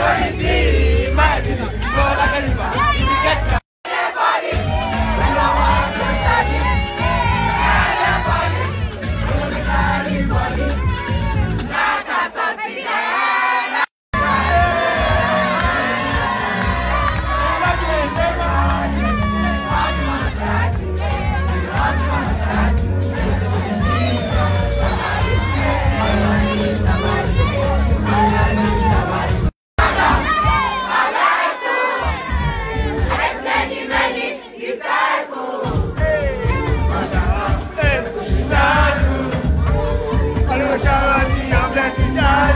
RAC! Yes, I.